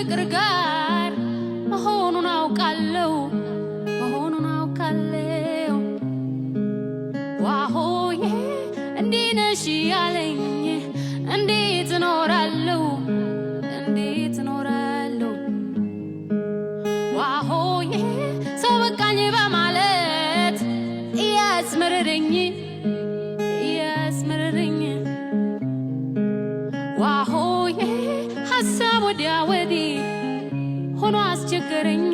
ፍቅር ጋር መሆኑን አውቃለው መሆኑን አውቃለው ዋሆዬ እንዴት ነሽ ያለኝ እንዴት እኖራለው እንዴት እኖራለው ዋሆዬ ሰው በቃኝ በማለት እያስመረረኝ እያስመረረኝ ዋሆዬ ሀሳብ ወዲያ ወዲህ ሆኖ አስቸገረኝ።